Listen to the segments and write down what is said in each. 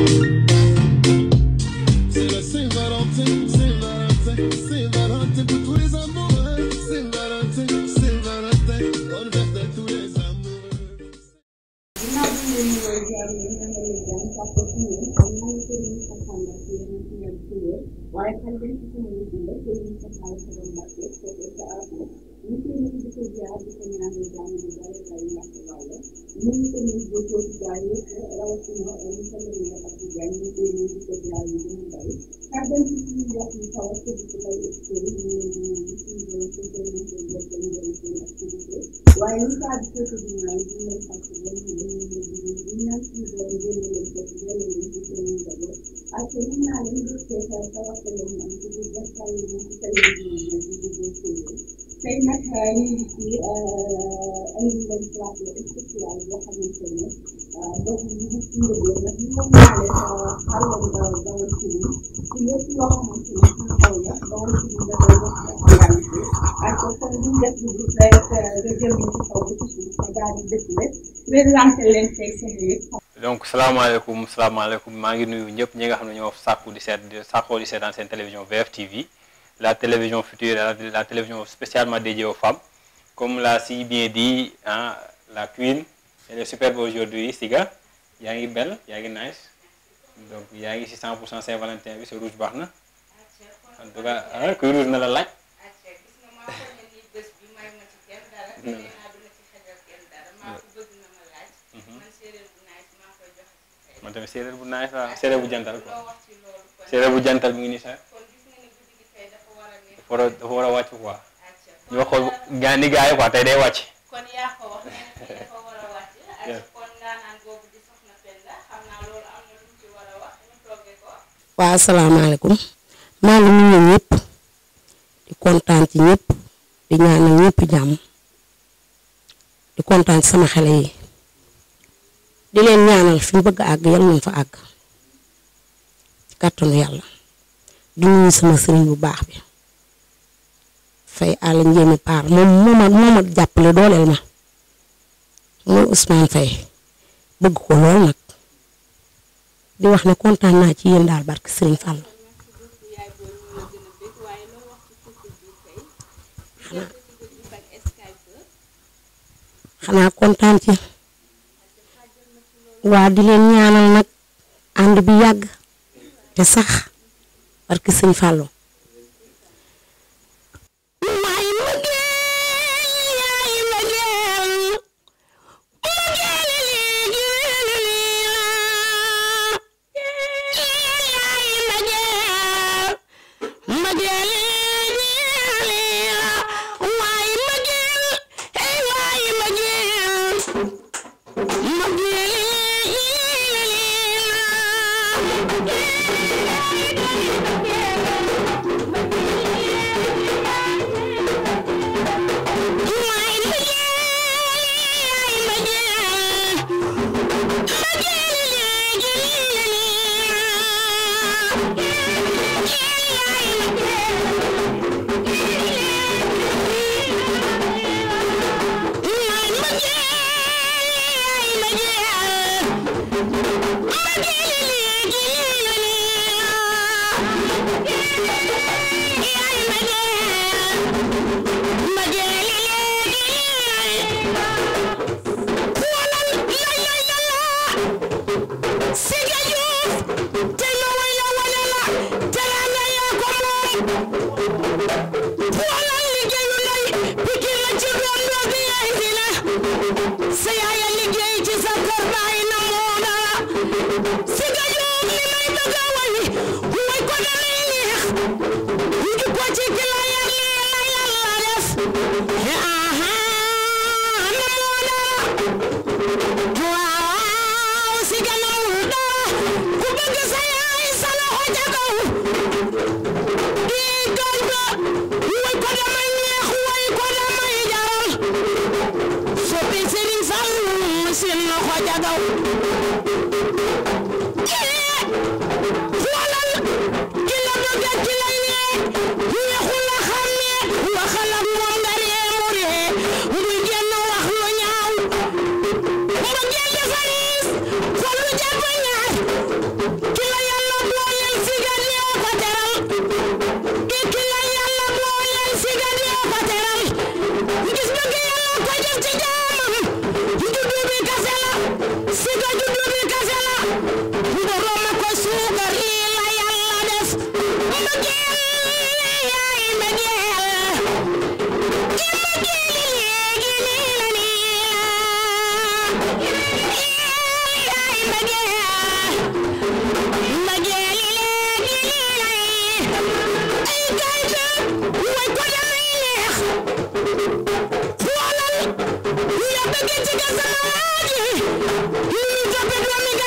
Thank you. donc salam alaikum, salam alaikum. ma ngi nuyu ñep ñi nga xamne ñoo sakku di sét di sét télévision VF TV la télévision future la, télévision spécialement dédiée aux femmes comme la si bien dit hein, la queen elle est superbe aujourd'hui c'est-à-dire, siga est belle est nice donc yaa ngi si 100 pour cent Saint-Valentin bi sa rouge baax na en tout cas ah kuy rouge na la laaj. Mm. Mm-hmm. man tamit séeréer bu naaj waaw séeréer bu jantal quoi séeréer bu jantal mu ngi nii sax dafa war a dafa war a wàcc quoi ñu waxoon gaa ni gaa yi quoi tey day wàcc. waa asalaamaaleykum maa ngi nuyu ñëpp di kontaan di ñaanal ñëpp jàmm di sama xale yi di leen ñaanal fi ñu bëgg àgg yal nañ fa àgg ci kàttanu yàlla di nuyu sama sëriñ bu baax bi fay àll njéemi paar moom mooma mooma jàppale dooleel ma mooy Ousmane Faye bëgg ko lool nag di wax ni kontaan naa ci yéen daal barke Serigne Fall. xanaa kontaan ci waa di leen ñaanal nag ànd bi yàgg te sax barke Serigne Fallou Say I nga juddu kase la borom ko suukar yi la yàlla def mbëggeel yaay mbëggeel ci mbëggeel léegi nii la Iya pergi cegah sama aja. Ini capek dua minggu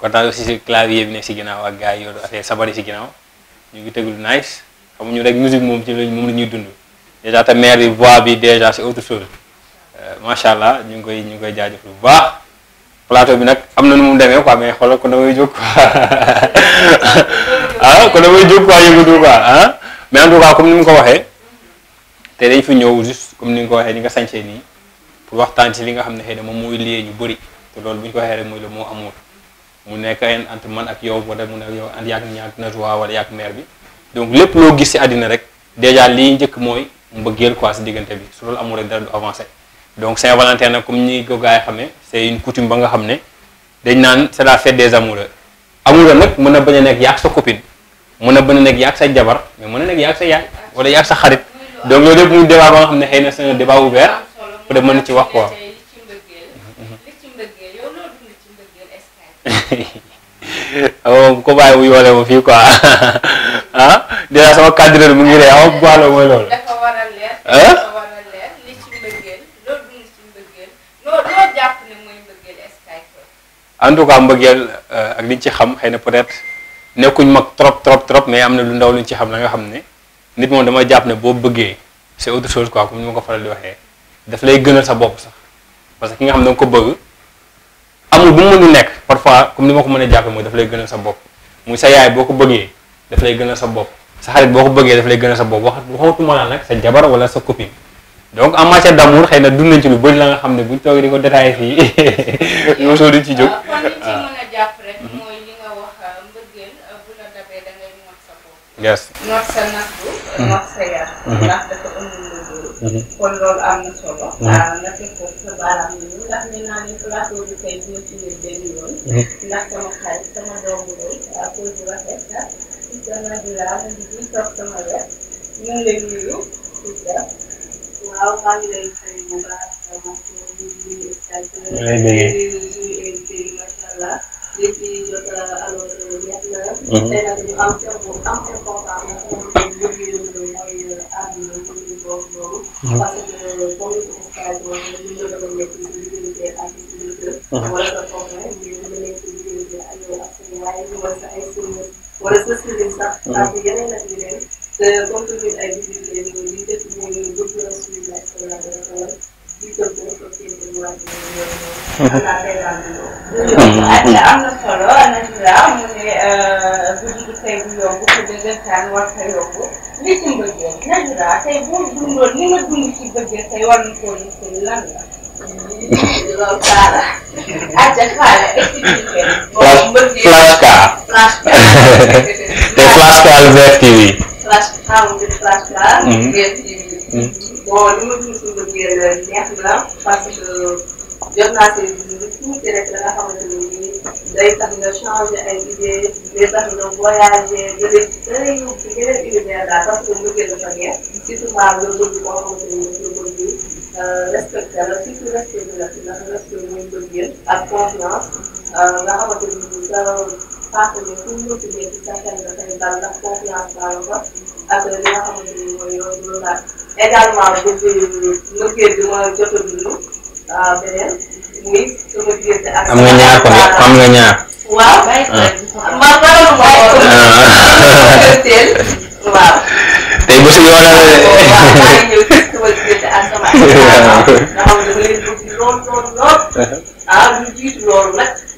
kontaan aussi si clavier bi nekk si ginnaaw ak gars yi yooyu affaire sabari ñu ngi tëglu nice xamuñu rek musique moom ci lañ moom la ñuy dund dèjà te mère bi voix dèjà c'est autre macha allah ñu ngi koy ñu ngi koy jaajëf bu baax plateau bi nag am na nu mu demee quoi mais xoolal kon damay jóg quoi ah kon damay jóg quoi yëngatu quoi ah mais comme ni mu ko waxee te dañ fi ñëw juste comme ni nga ko waxee ni nga sañcee nii pour waxtaan ci li nga xam ne xëy na moom mooy lié ñu bëri te loolu bu ñu ko waxee rek muy le moo amul. mu nekk entre man ak yow wala mu nekk yow and yaag ñaag natuwaa wala yaag maire bi donc lépp loo gis si àddina rek déjà lii njëkk mooy mbëggeel quoi si diggante bi su loolu amul rek dara du avancé donc Saint-Valentin nag comme ñi ko gars yi xamee c'est une coutume ba nga xam ne naan c'est la fête des amoureux amoureux nag mën na bañ a nekk yaag sa copine mën na bañ a nekk sa jabar mais mën na nekk sa yaay wala yaag sa xarit donc loolu yëpp muy débat ba nga xam ne xëy na c'est un débat ouvert peut-être mën ci wax quoi moom ko bàyyi mu yoole ma fii quoi ah déjà sama cadre mu ngi ree aw boilo mooy loolu en tout cas mbëggeel ak liñ ci xam xëy na peut-être nekkuñ mag trop trop trop mais am na lu ndaw luñ ci xam la nga xam ne nit moom dama jàpp ne boo bëggee c'est autre chose quoi comme ni ma ko faral di waxee daf lay gënal sa bopp sax parce que ki nga xam ne danga ko bëgg amul bu mu mënul nekk parfois comme ni ma ko mën a jàppe mooy daf lay gënal sa bopp mu sa yaay boo ko bëggee daf lay gënal sa bopp sa xarit boo ko bëggee daf lay gënal sa bopp wax waxatuma la nag sa jabar wala sa copine donc en matière d'amour xëy na dund nañ ci lu bëri la nga xam ne buñ toog di ko détaillé fii yow soo di ci jóg ah, Mm-hmm. kon loolu am na solo. waaw mm-hmm. ah, nga teg ko sa baaraam yi ndax nee naa ne plateau bi tey dina ci ñëw benn yoon. Mm-hmm. ndax sama xarit sama doomu loolu ak ah, kër bu rafet la ah, ci sama dilaa mu ngi ciy toog sama wet ñu ngi lay nuyu waaw maa ngi lay fay bu baax sama kër bu ñu macha allah lépp yi jot alors yàgg na. tey nag ñu am am importance parce que boo gisee stage boobu ñu ngi doon nekk di diggante ak diggante. wala sa soxna ñu ngi nekk di diggante ak yow ak waaye ñu war sa ay sëriñ wala sa sëriñ sax. parce que yeneen ak yeneen. te comme que ay diggante yooyu ñu def mooy bëgg na suñu laaj ko la dana ko war di jot ba ko kii di waaj a ñëw. xanaa day daal di ñëw. ak am na solo Anacim mu ne bu dul tey bu yomb ku dëggantaan war sa yomb. li ci mbëggeel Najda tey boo dundoon ni nga dund ci mbëggeel tey war na koo liggéey lan la. loolu Kaara. àjja Kaara expliqué. moom mbëggeel flash car. flash car. te flash car VF TV. flash xamu ne flash car. VF TV. bon li ma dund ci mbëggeel neex na parce que jot naa see dund tuuti rek la nga xamante ne nii. day tax nga changer ay idées day tax nga voyager jëlee beneen yu ci yeneen univers daal parce que mu gën a jógee surtout maa nga bëgg koo xamante ni nga bëgg respecté la surtout respecté la ndax respecté mooy bëgg ak confiance nga xamante ni sa partenaire pour mu ci nekk sa xel dafay dal ndax confiance baa la ko ak li nga xamante ni mooy yoon lu daal également bëgg mbëggeel bi ma jot a dund beneen. am nga ñaar kon nga ñaar. waaw. man ah. si yoonal. waaw maa ngi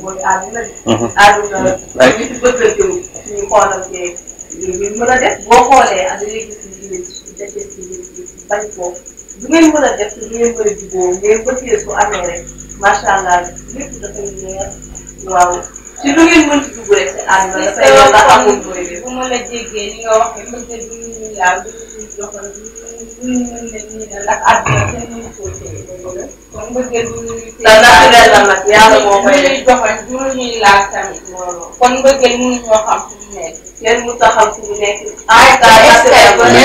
mooy àdduna bi. Mhm. àdduna bi ñu bëggante wu suñu xoolal tey ngeen mën a def boo xoolee ak li gis ñu jiw dajale ci bañ koo du ngeen mën a def du ngeen mën a jubóo ngeen bëggee su amee rek macha allah lépp dafay leer waaw. ci lu ngeen mënti dugg rek seen àdduna dafay yomb a amul bu ma la jéggee li nga wax rek parce que duñu ñu yaal duñu ñu joxal duñu ñu mën leen ñu ne ndax àdduna kenn mënu koo téye kon bëggee duñu ñu téye naturel la nag yàlla moo koy def duñuy joxal duñu ñuy laaj tamit kon bëggee mënu ñoo xam fu mu nekk kenn mu taxaw fu mu nekk ah,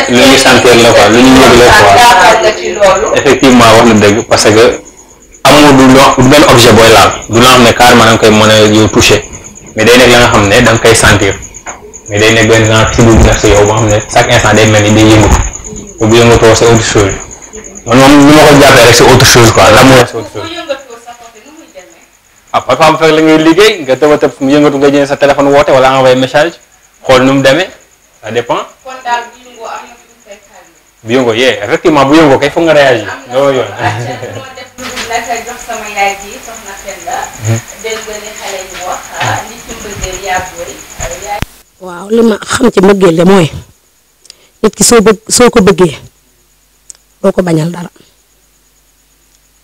lu ñu santeer la quoi lu ñu yëg la quoi effectivement wax na dëgg parce que amul du loo du benn objet booy laal du loo xam ne carrément da nga koy mën a yow toucher mais day nekk la nga xam ne da nga koy sentir mais day nekk benn genre fluide bi nekk si yow boo xam ne chaque instant day chose man moom ni ma ko jàppee rek c'est autre chose quoi la mooy c'est autre ah, fekk la ngay liggéey nga tëb a tëb mu yëngatu nga jël sa téléphone woote wala envoyé message xool nu mu demee ça dépend. bu yëngoo am na bu bu yëngoo kay foog nga réagir loolu yoon. Hmm. Ah, waaw li ma xam ci mbëggeel de mooy nit ki soo bëgg soo ko bëggee doo ko bañal dara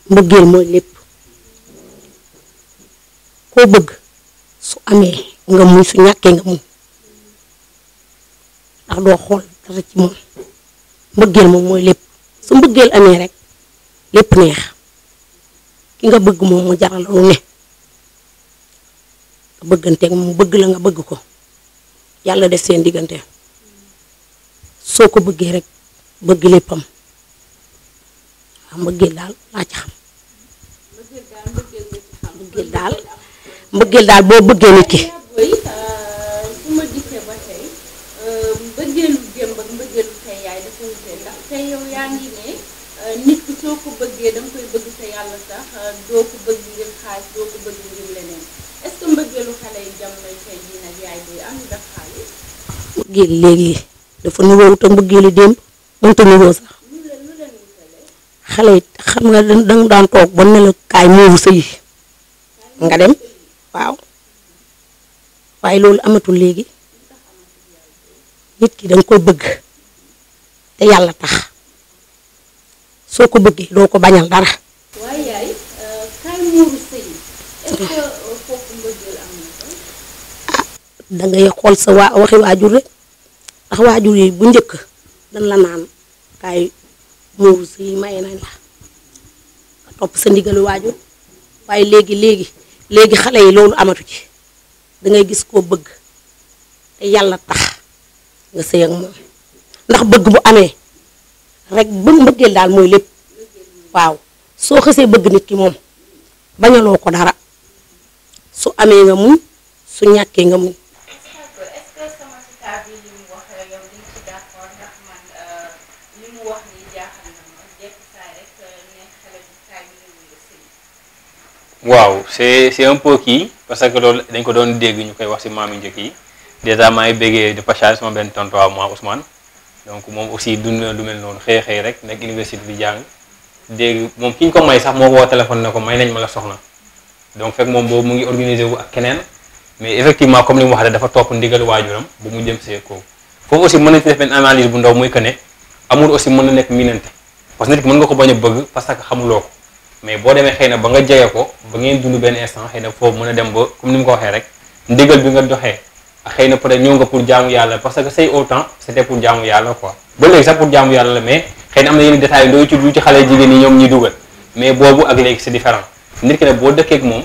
mbëggeel mooy lépp koo bëgg su amee nga muñ su ñàkkee nga muñ ndax doo xool dara ci moom mbëggeel moom mooy lépp su mbëggeel amee rek lépp neex ki nga bëgg moom mu jaral lu ne nga bëgganteeg mu bëgg la nga bëgg ko yàlla def seen diggante soo ko bëggee rekk bëgg léppam waaw mbëggeel daal laa ci xam mbëggeel daal mbëggeel daal boo bëggee nit ki Euh, nit ki soo ko bëggee da nga koy bëgg sa yàlla sax euh, doo ko bëgg ngir xaalis doo ko bëgg ngir xale yi jamonoy tey na def xaalis. mbëggeelu léegi xale yi xam nga danga daan dem waaw waaye loolu amatul léegi nit ki danga koy bëgg te yàlla tax. soo ko bëggee doo ko bañal dara. waaye euh, euh, ah da xool sa waxi waajur rek ndax waajur yi bu njëkk dañ la naan kay muuru sëy maye nañ la nga topp sa ndigalu waajur waaye léegi léegi léegi xale yi loolu amatu ci dangay gis koo bëgg te yàlla tax nga sëy moom ndax bëgg bu amee. rek mbëggeel daal mooy lépp waaw soo xësee bëgg nit ki moom bañaloo ko dara su amee nga muñ su ñàkkee nga muñ. waaw c'est c'est un peu kii parce que loolu dañ ko doon dégg ñu koy wax ci maam yu njëkk yi déjà maa ngi béggee de passage sama benn tonton waaw donc moom aussi dund na lu mel noonu xëy xëy rek nekk université bi jàng dégg moom ki ñu ko may sax moo ko woo téléphone na ko may nañ ma la soxna donc fekk moom boobu mu ngi organisé wu ak keneen mais effectivement comme ni mu wax dafa topp ndigal waajuram ba mu jëm see kooku foofu aussi mën nañ ci def benn bu ndaw muy que ne amul aussi na nekk miinante parce que nit ki mën nga ko bañ a bëgg parce que xamuloo ko mais boo demee xëy na ba nga jege ko ba ngeen dund benn instant xëy na foofu mën a dem ba comme ni mu ko waxee rek ndigal bi nga doxee xëy na peut-être ñëw nga pour jaamu yàlla parce que say au temps c'était pour jaamu yàlla quoi ba léegi sax pour jaamu yàlla la mais xëy am na yenn détails doo ci lu ci xale jigéen yi ñoom ñuy dugal mais boobu ak léegi c'est différent nit ki nag boo moom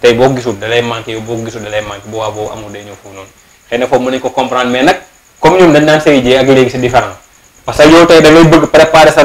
fur et boo gisul da lay manqué yow boo gisul da lay manqué boobaa boobu amul day ñëw foofu noonu xëy na foofu mën nañu ko comprendre mais nag comme ñoom dañ say jee ak léegi c'est différent parce que yow tey da bëgg préparer sa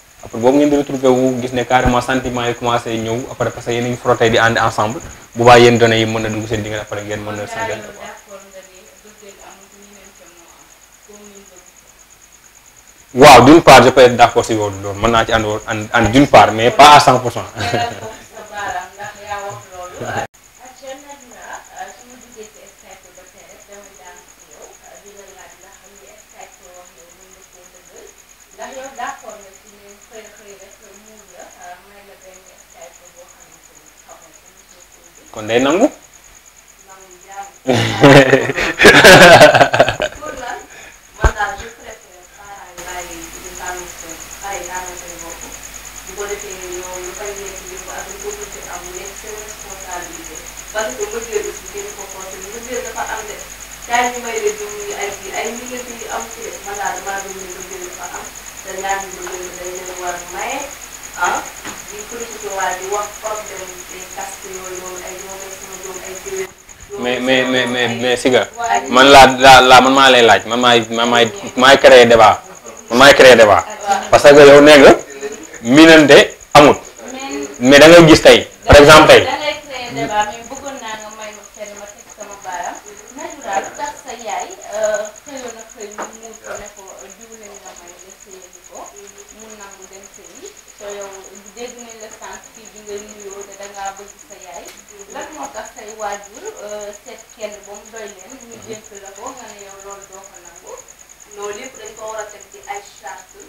après boobu ngeen di retrouvé wu gis ne carrément sentiment yi commencé ñëw après parce que yéen a ngi frotté di ànd ensemble bu baax yéen données yi mën na dugg seen diggante après ngeen mën na seen waaw d'une part je peux être d'accord si loolu loolu mën naa ci ànd ànd d'une part mais pas à 100 pour cent kon day nangu. am ah di profité waaye di mais mais mais mais mais man laa laa laa man maa lay laaj man maay man maay maay créer débat man maay créer débat parce que yow nee nga minante amut mais da gis tey par exemple tey. ngay nuyoo ne da ngaa bëgg sa yaay lan moo tax say waajur euh, seet kenn ba mu doy leen ñu dénk la ko nga ne yow loolu doo ko nangu loolu lépp dañ ko war a teg ci ay charte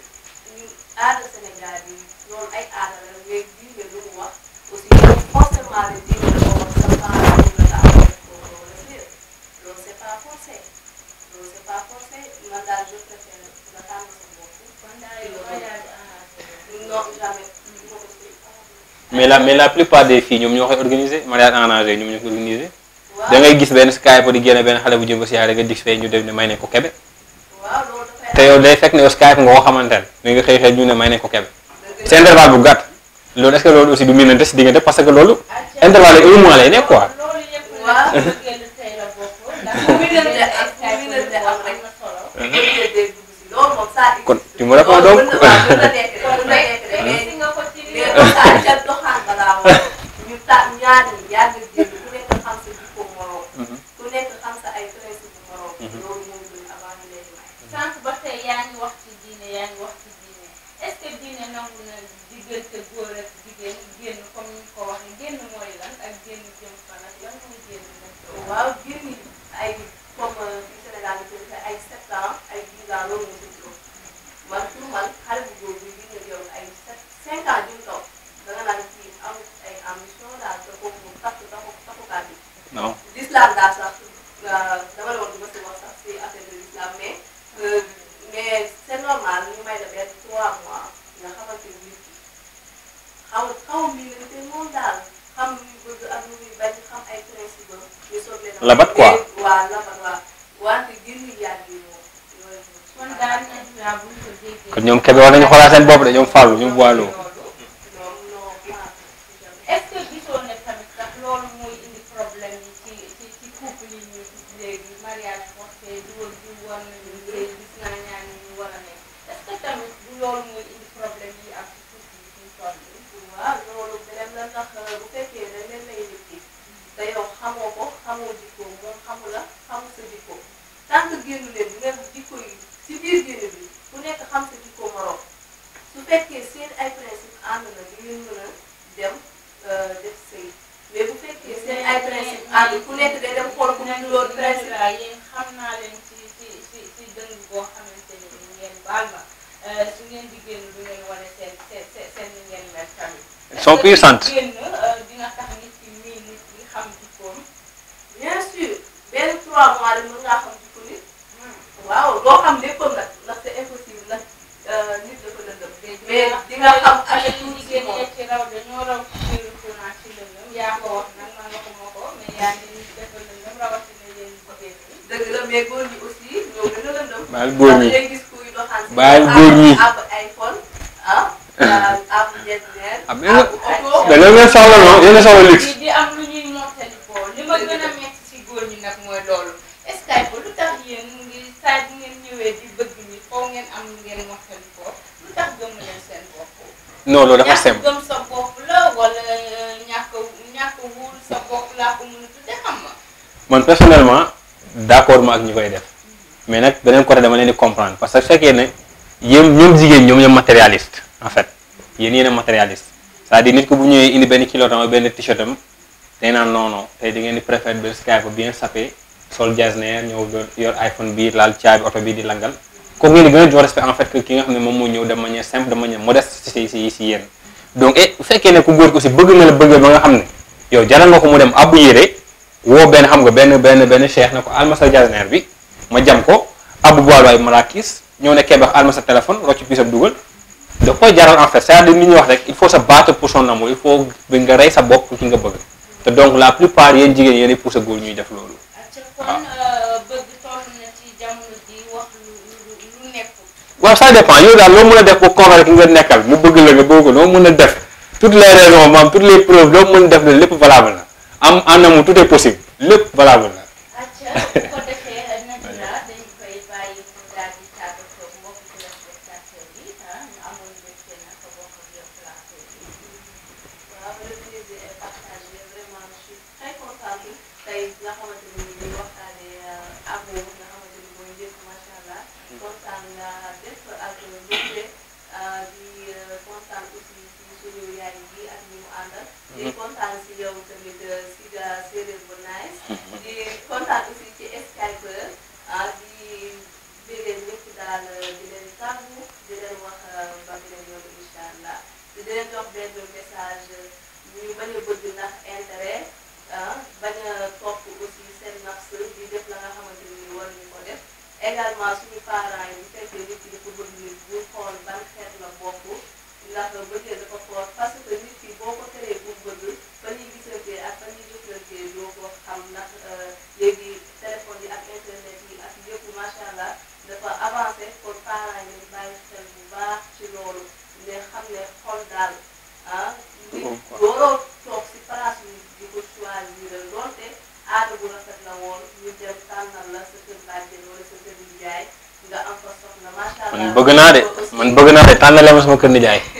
ñu aada Sénégal bi loolu ay aada la léegi bii nga lu mu wax aussi forcément le diine la ko wax sa mais la mais la plupart des filles ñoom ñoo koy organisé mariage arrangé ñoom ñoo koy organisé. da ngay gis benn Skype di génne benn xale bu jëm ba si yaay nga dig fee ñu dem ne may ne ko kebe. te yow day fekk ne yow Skype nga ko xamante ne nga xëy xëy ñu ne may ne ko kebe. c'est intervalle bu gàtt. loolu est-ce que loolu aussi du miinante si diggante parce que loolu. intervalle yooyu un mois lay nekk quoi. baaxoo ñu ta ñaar ñi yàgg dégg ku nekk xam sa jikko moroom ku nekk xam sa ay principe moroom loolu mooy gën avant ñu lay may sànq ba tey yaa ngi wax ci diine yaa ngi wax ci diine est-ce que diine nangu na diggante góor ak jigéen génn comme ni ko waxee génn mooy lan ak génn jëm fan ak lan mooy génn waaw génn ay comme eh, ci Sénégal ay sept ans ay dix ans loolu problem yɔn fa falo, yɔn puissante. Euh, waaw doo xam léppam nag ndax c'est impossible nag euh, nit dafa la mais góor ñi dañ leen soxla non dañ loolu dafa simple gëm sa bopp la wala euh, ñàkk ñàkk sa bopp laa ko mën a tudde xam nga. man personnellement d'accord ma ak ñu koy def mais nag beneen côté dama leen comprendre parce que fekkee ne yéen ñoom jigéen ñoom ñoom matérialiste en fait yéen yéen matérialist cest à nit ko bu ñëwee indi benn kilo tam benn t-shirt am day naan non non tey da ngeen di préférer benn skype bien sapé sol jasner ñëw yor iPhone biir laal caabi oto bii di langal ko ngeen di gën a jox respect en fait ki nga xam ne moom moo ñëw de manière simple de manière modeste si si si yéen donc et eh, bu fekkee ne ku góor ko si bëgg na la bëggee ba nga xam ne yow jaral nga ko mu dem abbu yére woo benn xam nga benn benn benn cheikh na ko almasa jasner bi ma jam ko abbu boil waay ma laa kiis ñëw ne kebax almasa téléphone rocc pisam dugal da koy jaral en fait c'est-à-dire li ñuy wax rek il faut se battre pour son amour il faut nga rey sa bopp pour ki nga bëgg te donc la plupart yéen jigéen yéen a poussé góor ñuy def loolu. Ah. Euh, waaw waaw ça dépend yow daal loo mën a def pour convaincre ki nga nekkal mu bëgg la nga bëgg ko loo mën a def toutes les raisons maanaam toutes les preuves loo mën a def la lépp valable na am en amour tout est possible lépp valable na. également suñu parents yi bu fekkee nit ki dafa bëgg ñu xool ban xeet la bokk ndax bëgg naa de man bëgg naa de tànnale ma sama kër nijaay